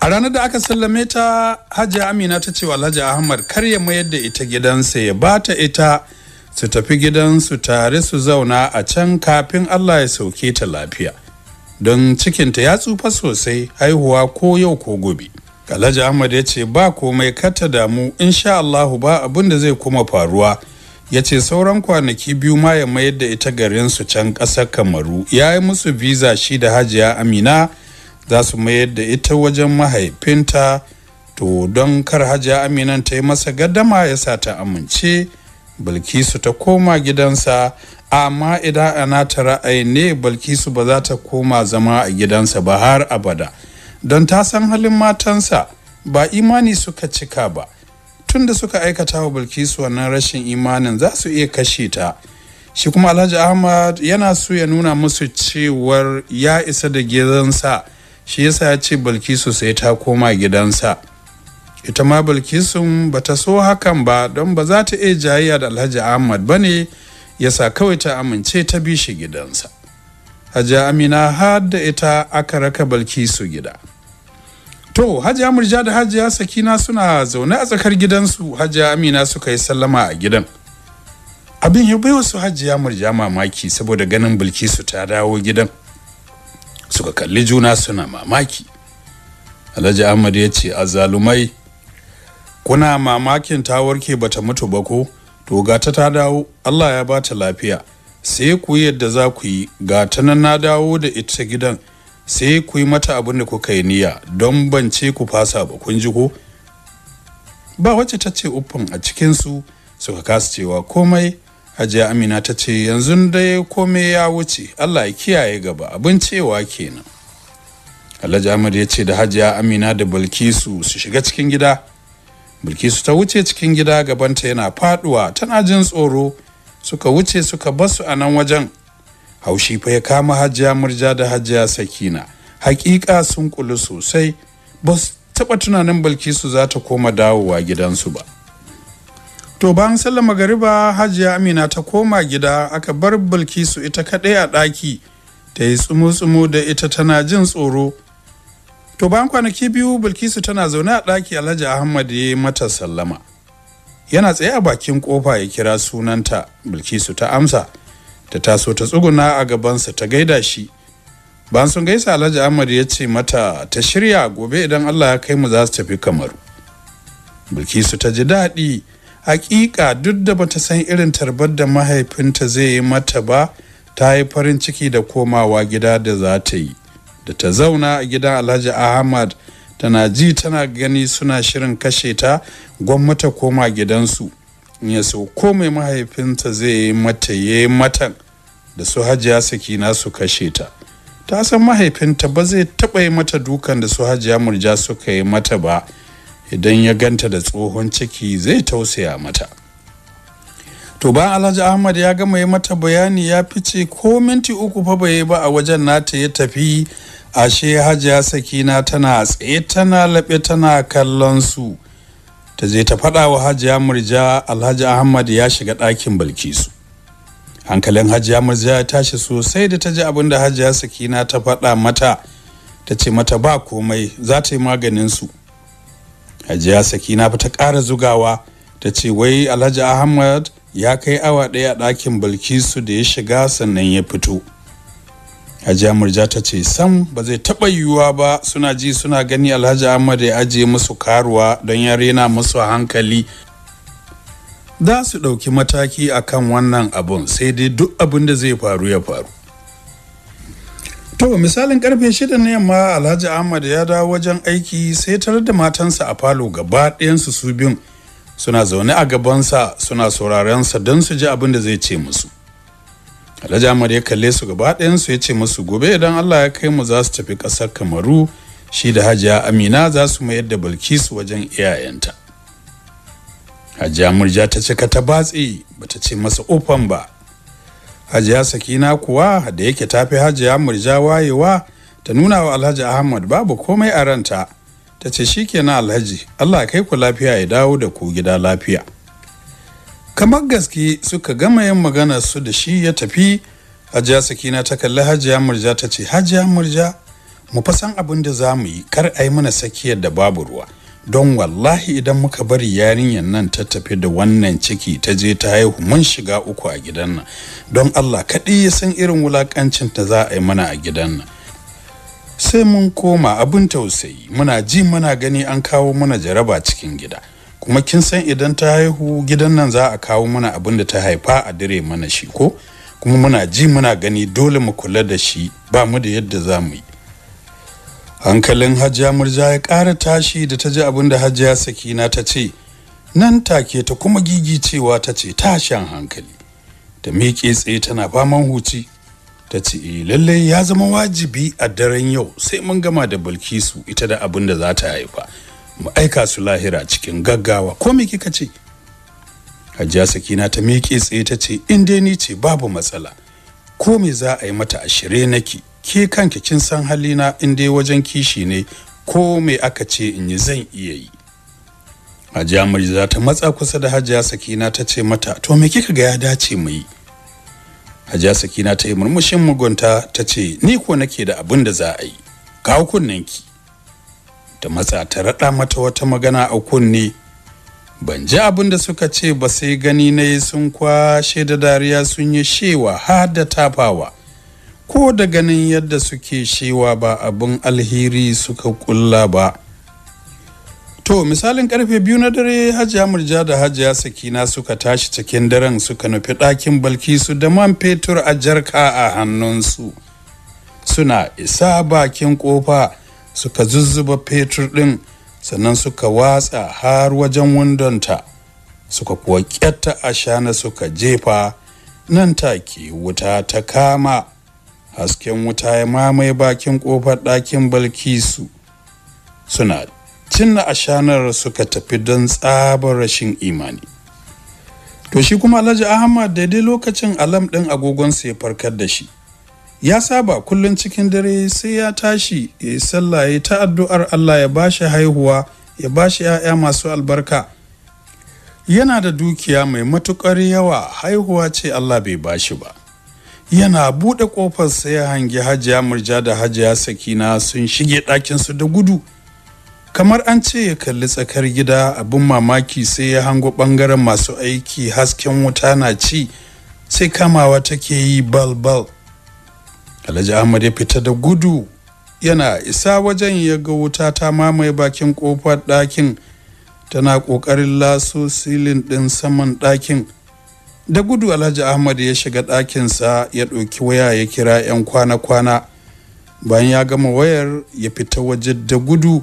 a ranar da aka sallame ta hajiya amina ta ce alhaji ahmad kar ya mayar da ita gidansa ya ba ta ita su tafi gidansu tare su zauna a can kafin allah ya sauke ta lafiya don cikinta ya tsufa sosai haihuwa ko yau ko gobe alhaji ahmad ya ce ba komai kata damu insha allahu ba abin da zai kuma faruwa ya ce sauran kwanaki biyu ma ya mayar da ita garinsu can ƙasar kamaru ya yi musu visa shi da hajiya amina za su mayar da ita wajen mahaifinta to don kar hajiya aminan ta yi masa gadama ya sa ta amince bilkisu ta koma gidansa amma idan ana ta ra'ayi ne bilkisu ba za ta koma zama a gidansa ba har abada don ta san halin matansa ba imani suka cika ba tunda suka aikata wa bilkisu wannan rashin imanin za su iya kashe ta shi kuma alhaji ahmad yana so ya nuna musu cewar ya isa da gidansa shi yasa ya ce bilkisu sai ta koma gidansa ita ma bilkisun ba ta so hakan ba don ba za ta iya jayayya da alhaji ahmad ba ne yasa kawai ta amince ta bi shi gidansa Hajiya amina har da ita aka raka bilkisu gida to hajiya Amurja da hajiya sakina suna zaune a tsakar gidansu hajiya amina suka yi sallama a gidan abin ya bai wasu hajiya murja mamaki saboda ganin bilkisu ta dawo gidan suka kalli juna suna mamaki alhaji ahmad ya ce a zalumai. kuna mamakin ta warke bata mutu ba ko to gata ta dawo allah ya bata lafiya sai ku yi yadda za ku yi gata nan na dawo da ita gidan sai ku yi mata abin da kuka yi niyya don bance ku fasa ba kun ji ko ba wacce ta ce uffin a cikinsu suka kasa cewa komai hajiya amina ta ce yanzu dai komai ya wuce allah ya kiyaye gaba abin cewa kenan alhaji ahmad ya ce da hajiya amina da bilkisu su shiga cikin gida bilkisu ta wuce cikin gida gabanta yana faduwa tana jin tsoro suka wuce suka basu a nan wajen haushi fa ya kama hajiya murja da hajiya sakina hakika sun kulu sosai ba su taɓa tunanin bilkisu za ta koma dawowa gidansu ba to bayan sallar magariba hajiya amina ta koma gida aka bar bilkisu ita kaɗai a ɗaki ta yi tsumo-tsumo da ita tana jin tsoro to bayan kwanaki biyu bilkisu tana zaune a ɗaki alhaji ahmad ya mata sallama yana tsaye a bakin kofa ya kira sunanta bilkisu ta amsa ta taso ta tsuguna a gabansa ta gaida shi bayan sun gaisa alhaji ahmad ya ce mata ta shirya gobe idan allah ya kai mu za su tafi kamaru bilkisu ta ji daɗi hakika duk da bata san irin tarbar da mahaifinta zai yi mata ba ta yi farin ciki da komawa gida da za ta yi da ta zauna a gidan alhaji ahmad tana ji tana gani suna shirin kashe ta gwamnata koma gidansu ya so ko mai mahaifinta zai yi mata ya yi matan da su hajiya sakina su kashe ta ta san mahaifinta ba zai taɓa yi mata dukan da su hajiya murja suka yi mata ba idan ya ganta da tsohon ciki zai tausaya mata to ba alhaji ahmad ya gama yi mata bayani ya fice ko minti uku fa bai ba a wajen nata ya tafi ashe hajiya sakina tana tsaye tana laɓe tana kallon su ta je ta faɗa wa hajiya murja alhaji ahmad ya shiga ɗakin bilkisu hankalin hajiya murja ya tashi sosai da ta ji abin da hajiya sakina ta faɗa mata ta ce mata ba komai za ta yi maganin su hajiya sakina ba ta ƙara zugawa ta ce wai alhaji ahmad ya kai awa ɗaya a ɗakin bilkisu da ya shiga sannan ya fito hajiya murja ta ce sam ba zai taɓa yiwuwa ba suna ji suna gani alhaji ahmad ya ajiye musu karuwa don ya rena musu hankali za su ɗauki mataki akan wannan abun sai dai duk abin da zai faru ya faru To misalin karfe shida na yamma Alhaji Ahmad ya dawo wajen aiki sai tare da matansa a falo gaba ɗayansu su biyun suna zaune a gabansa suna saurarensa don su ji abin da zai ce musu. Alhaji Ahmad ya kalle su gaba ɗayansu ya ce musu gobe idan Allah ya kai mu za su tafi ƙasar Kamaru shi da Hajiya Amina za su mayar da Bilkisu wajen iyayenta. Hajiya Murja ta cika ta batse bata ce masa ofan ba hajiya sakina kuwa da yake tafi hajiya murja wayewa ta nuna wa alhaji ahmad babu komai a ranta ta ce shi kenan alhaji allah kai ku lafiya ya dawo da ku gida lafiya kamar gaske suka gama yin maganar su da shi ya tafi hajiya sakina ta kalli hajiya murja ta ce hajiya murja mu fa san abin da za mu yi kar a yi mana sakiyar da babu ruwa don wallahi idan muka bari yarinyar nan ta tafi da wannan ciki ta je ta haihu mun shiga uku a gidan nan don Allah kaɗai ya san irin wulakancin ta za a yi mana a gidan nan sai mun koma abin tausayi muna ji muna gani an kawo mana jaraba cikin gida kuma kin san idan ta haihu gidan nan za a kawo mana abin da ta haifa a dire mana shi ko kuma muna ji muna gani dole mu kula da shi ba mu da yadda za mu yi hankalin hajiya murja ya ƙara tashi da ta ji abin da hajiya sakina ta ce nan take ta kuma gigicewa ta ce tashin hankali ta miƙe tsaye tana faman huci ta ce eh, lallai ya zama wajibi a daren yau sai mun gama da bilkisu ita da abin da za ta haifa mu aika su lahira cikin gaggawa ko me kika ce hajiya sakina ta miƙe tsaye ta ce in dai ni ce babu matsala ko me za a yi mata a shirye nake ke kanki kin san halina in dai wajen kishi ne ko me aka ce in yi zan iya yi hajiya murjiza ta matsa kusa da hajiya sakina ta ce mata to me kika ga ya dace mu yi hajiya sakina ta yi murmushin mugunta ta ce ni ko nake da abin da za a yi kawo ki. ta matsa ta raɗa mata wata magana a kunne ban ji abin da suka ce ba sai gani na sun kwashe da dariya sun yi shewa har da tafawa ko da ganin yadda suke shewa ba abin alheri suka kulla ba to misalin karfe biyu na dare hajiya murja da hajiya sakina suka tashi cikin daren suka nufi ɗakin balkisu da man fetur a jarka a hannunsu suna isa bakin kofa suka zuzzuba fetur ɗin sannan suka watsa har wajen wundonta suka kuwa kyatta ashana suka jefa nan take wuta ta kama hasken wuta ya mamaye bakin kofar ɗakin balkisu suna cinna ashanar suka tafi don tsabar rashin imani to shi kuma alhaji ahmad daidai lokacin alam ɗin agogonsa ya farkar da shi ya saba kullum cikin dare sai ya tashi ya yi sallah ya ta addu'ar allah ya ba shi haihuwa ya ba shi 'ya'ya masu albarka yana da dukiya mai matuƙar yawa haihuwa ce allah bai ba shi ba yana buɗe ƙofar sai ya hangi hajiya murja da hajiya sakina sun shige ɗakinsu da gudu kamar an ce ya kalli tsakar gida abin mamaki sai ya hango ɓangaren masu aiki hasken wuta na ci sai kamawa take yi balbal. alhaji ahmad ya fita da gudu yana isa wajen ya ga wuta ta mamaye bakin ƙofar ɗakin tana ƙoƙarin laso silin ɗin saman ɗakin da gudu alhaji ahmad ya shiga ɗakinsa ya ɗauki waya ya kira 'yan kwana-kwana bayan ya gama wayar ya fita waje da gudu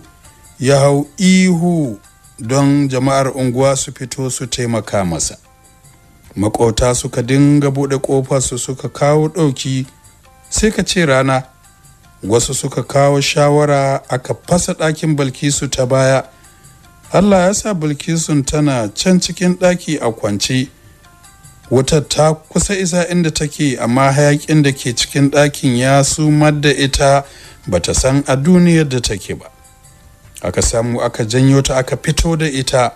ya hau ihu don jama'ar unguwa su fito su taimaka masa makota suka dinga buɗe su suka kawo ɗauki sai ka ce rana wasu suka kawo shawara aka fasa ɗakin balkisu ta baya allah ya sa bilkisun tana can cikin ɗaki a kwance wutar ta kusa isa inda take amma hayakin da ke cikin ɗakin ya sumar da ita bata san a duniyar da take ba aka samu aka janyo ta aka fito da ita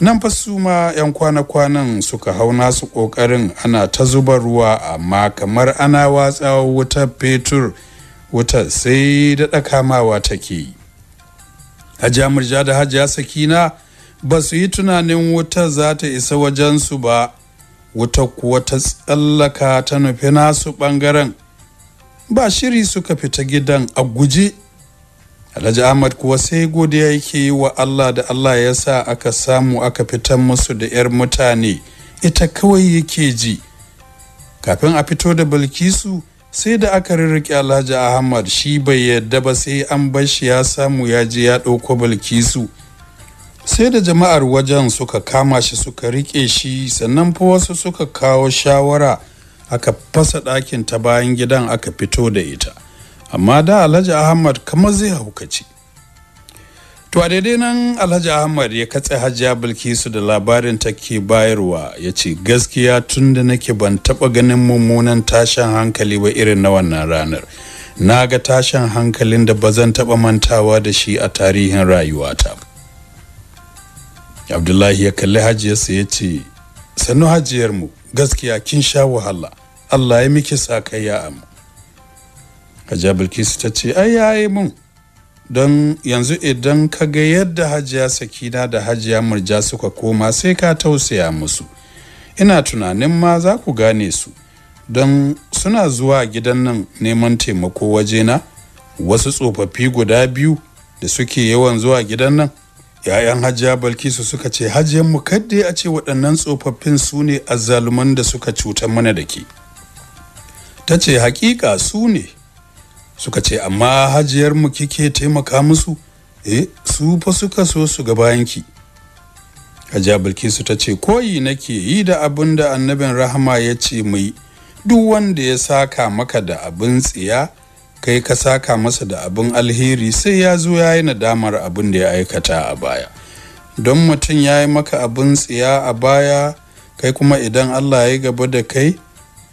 nan fa su ma 'yan kwana-kwanan suka hau nasu ƙoƙarin ana ta zuba ruwa amma kamar ana watsawa wutar fetur wutar sai da kamawa take hajiya murja da hajiya sakina ba su yi tunanin wutar za ta isa wajensu ba wuta kuwa ta tsallaka ta nufi nasu ɓangaren ba shiri suka fita gidan a guje alhaji ahmad kuwa sai godiya yake yi wa allah da allah ya sa aka samu aka fita musu da 'yar mutane ita kawai yake ji kafin a fito da bilkisu sai da aka rirrike alhaji ahmad shi bai yadda ba sai an bar shi ya samu ya je ya ɗauko bilkisu sai da jama'ar wajen suka kama shi suka rike shi sannan fa wasu suka kawo shawara aka fasa ɗakin ta bayan gidan aka fito da ita amma da alhaji ahmad kamar zai haukace. to a daidai nan alhaji ahmad ya katse hajiya bilkisu da labarin ta ke bayarwa ya ce gaskiya tun da nake ban taɓa ganin mummunan tashin hankali ba irin na wannan ranar na ga tashin hankalin da ba zan taɓa mantawa da shi a tarihin rayuwata abdullahi ya kalli hajiyarsa ya ce sannu hajiyarmu gaskiya kin sha wahala allah ya miki sa kai ya amu hajiya bilkisu ta ce ai yi mun don yanzu idan ka ga yadda hajiya sakina da hajiya murja suka koma sai ka tausaya musu ina tunanin ma za ku gane su don suna zuwa gidan nan neman taimako wajena wasu tsofaffi guda biyu da suke yawan zuwa gidan nan 'ya'yan hajiya balkisu suka ce mu kadda a ce waɗannan tsofaffin su ne azzaluman da suka cuta mana da ke ta ce hakika su ne suka ce amma hajiyarmu kike taimaka musu E, su fa suka so su ga bayanki hajiya balkisu ta ce koyi nake yi da abin da annabin rahama ya ce mai duk wanda ya saka maka da abin tsiya kai ka saka masa da abin alheri sai ya zo ya yi nadamar abin da ya aikata a baya don mutum ya yi maka abin tsiya a baya kai kuma idan allah ya gaba da kai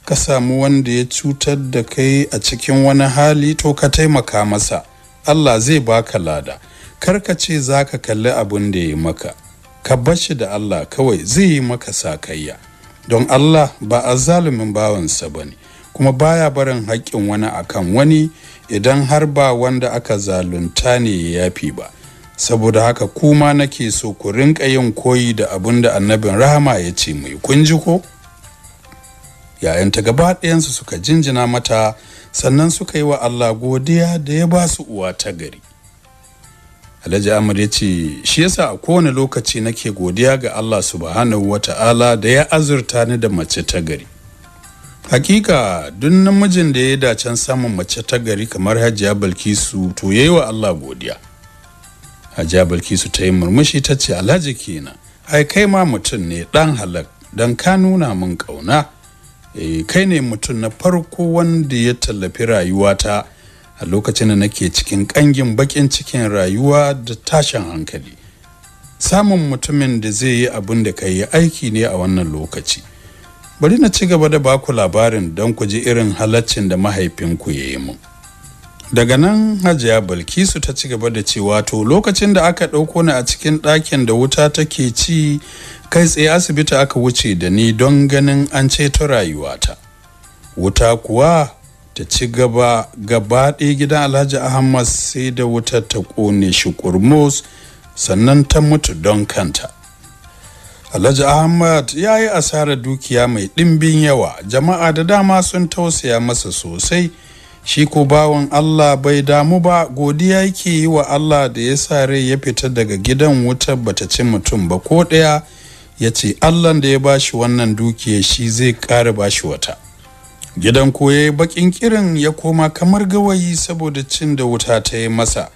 ka samu wanda ya cutar da kai a cikin wani hali to ka taimaka masa allah zai baka lada kar ka ce za ka kalli abin da ya yi maka ka bashi da allah kawai zai yi maka sakayya don allah ba a zalumin bawansa ba ne kuma baya barin haƙƙin wani akan wani idan har ba wanda aka zalunta ne ya yafi ba saboda haka kuma nake so ku rinka yin koyi da abin da annabin rahama ya ce mai kun ji ko yayanta gaba ɗayansu suka jinjina mata sannan suka yi wa allah godiya da ya ba su uwa ta gari alhaji amur ya ce shi yasa a kowane lokaci nake godiya ga allah subhanahu ta'ala da ya azurta ni da mace ta gari hakika duk namijin da ya dacen samun mace ta gari kamar hajiya balkisu to yayi wa allah godiya hajiya balkisu ta yi murmushi ta ce alhaji kenan ai kai ma mutum ne dan halak dan ka nuna min kauna e, eh, kai ne mutum na farko wanda ya tallafi rayuwata a lokacin da nake cikin kangin bakin cikin rayuwa da tashin hankali samun mutumin da zai yi abin da ka aiki ne a wannan lokaci bari na ci gaba da baku labarin don ku ji irin halaccin da mahaifinku ya yi mu daga nan hajiya balkisu ta ci gaba da cewa to lokacin da aka ɗauko ni a cikin ɗakin da wuta take ci kai tsaye asibiti aka wuce da ni don ganin an ceto rayuwata wuta kuwa ta ci gaba gaba ɗaya gidan alhaji ahmad sai da wuta ta ƙone shi kurmus sannan ta mutu don kanta Alhaji Ahmad ya yi asarar dukiya mai ɗimbin yawa, jama'a da dama sun tausaya masa sosai, shi ko bawan Allah bai damu ba godiya yake yi wa Allah da ya sa rai ya fita daga gidan wutar bata ci mutum ba ko ɗaya ya ce Allah da ya bashi wannan dukiya shi zai ƙara bashi wata. Gidan ko ya yi baƙin kirin ya koma kamar gawayi saboda cin da wuta ta yi masa.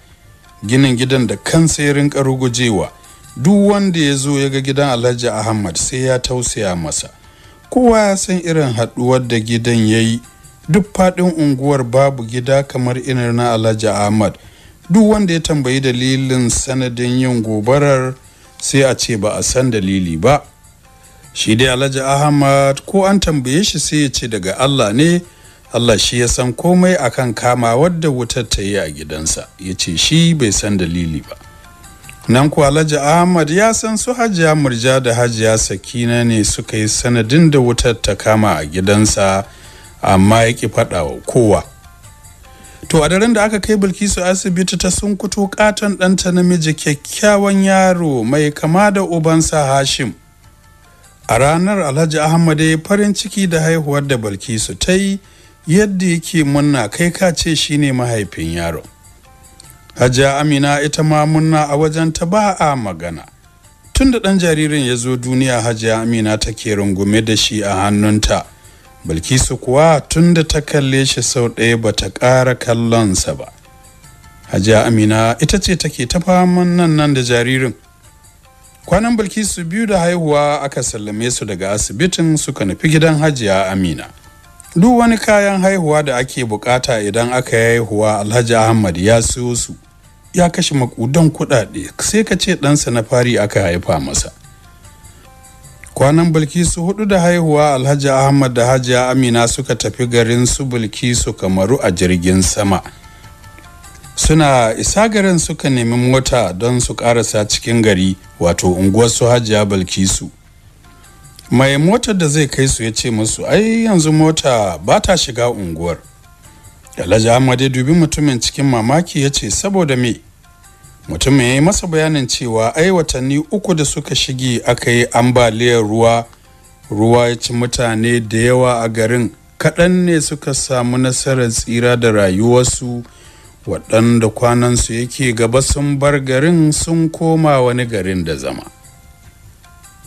Ginin gidan da kansa ya rinƙa rugujewa. duk wanda ya zo ya ga gidan alhaji ahmad sai ya tausaya masa kowa ya san irin haɗuwar da gidan ya yi duk faɗin unguwar babu gida kamar irin na alhaji ahmad duk wanda ya tambayi dalilin sanadin yin gobarar sai a ce ba a san dalili ba shi dai alhaji ahmad ko an tambaye shi sai ya ce daga allah ne allah shi ya san komai akan kama wadda wutar ta yi a gidansa ya ce shi bai san dalili ba nan kuwa alhaji ahmad ya san su hajiya murja da hajiya sakina ne suka yi sanadin da wutar ta kama a gidansa amma ya ki fada wa kowa to a daren da aka kai bilkisu asibiti ta sun kuto katon ɗanta namiji kyakkyawan yaro mai kama da ubansa hashim a ranar alhaji ahmad ya farin ciki da haihuwar da bilkisu ta yi yadda yake munna kai ka ce shine mahaifin yaro. hajiya amina ita ma munna a wajen ta ba a magana Tunda ɗan jaririn ya zo duniya hajiya amina take rungume da shi a hannunta bilkisu kuwa tun da ta kalle shi sau ɗaya ba ta ƙara kallonsa ba hajiya amina ita ce take ta faman nan nan da jaririn kwanan bilkisu biyu da haihuwa aka sallame su daga asibitin suka nufi gidan hajiya amina duk wani kayan haihuwa da ake bukata idan aka haihuwa alhaji ahmad ya siyo su ya kashe makudan kuɗaɗe, sai ka ce ɗansa na fari aka haifa masa kwanan bilkisu hudu da haihuwa alhaji ahmad da hajiya amina suka tafi garin su bilkisu kamaru a jirgin sama suna isa garin suka nemi mota don su karasa cikin gari wato unguwar su hajiya bilkisu mai motar da zai kai su ya ce musu ai yanzu mota ba ta shiga unguwar alhaji ahmad ya dubi mutumin cikin mamaki ya ce saboda me mutumin ya yi masa bayanin cewa ai watanni uku da suka shige aka yi ambaliyar ruwa ruwa ya ci mutane da yawa a garin kaɗan ne suka samu nasarar tsira da rayuwarsu waɗanda kwanansu yake gaba sun bar garin sun koma wani garin da zama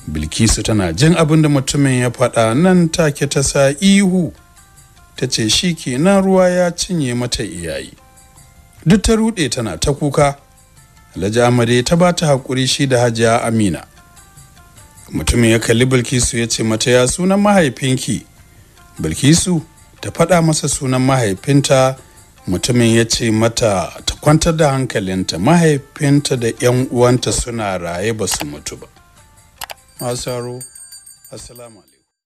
bilkisu tana jin abin da mutumin ya faɗa nan take ta sa ihu ta ce shi ke kenan ruwa ya cinye mata iyayi duk ta ruɗe tana ta kuka alhaji amare ta ba ta haƙuri shi da hajiya amina mutumin ya kalli bilkisu ya ce mata ya sunan mahaifinki bilkisu ta faɗa masa sunan mahaifinta mutumin ya ce mata ta kwantar da hankalinta mahaifinta da 'yan uwanta suna raye ba su mutu ba masu haro assalamu alaikum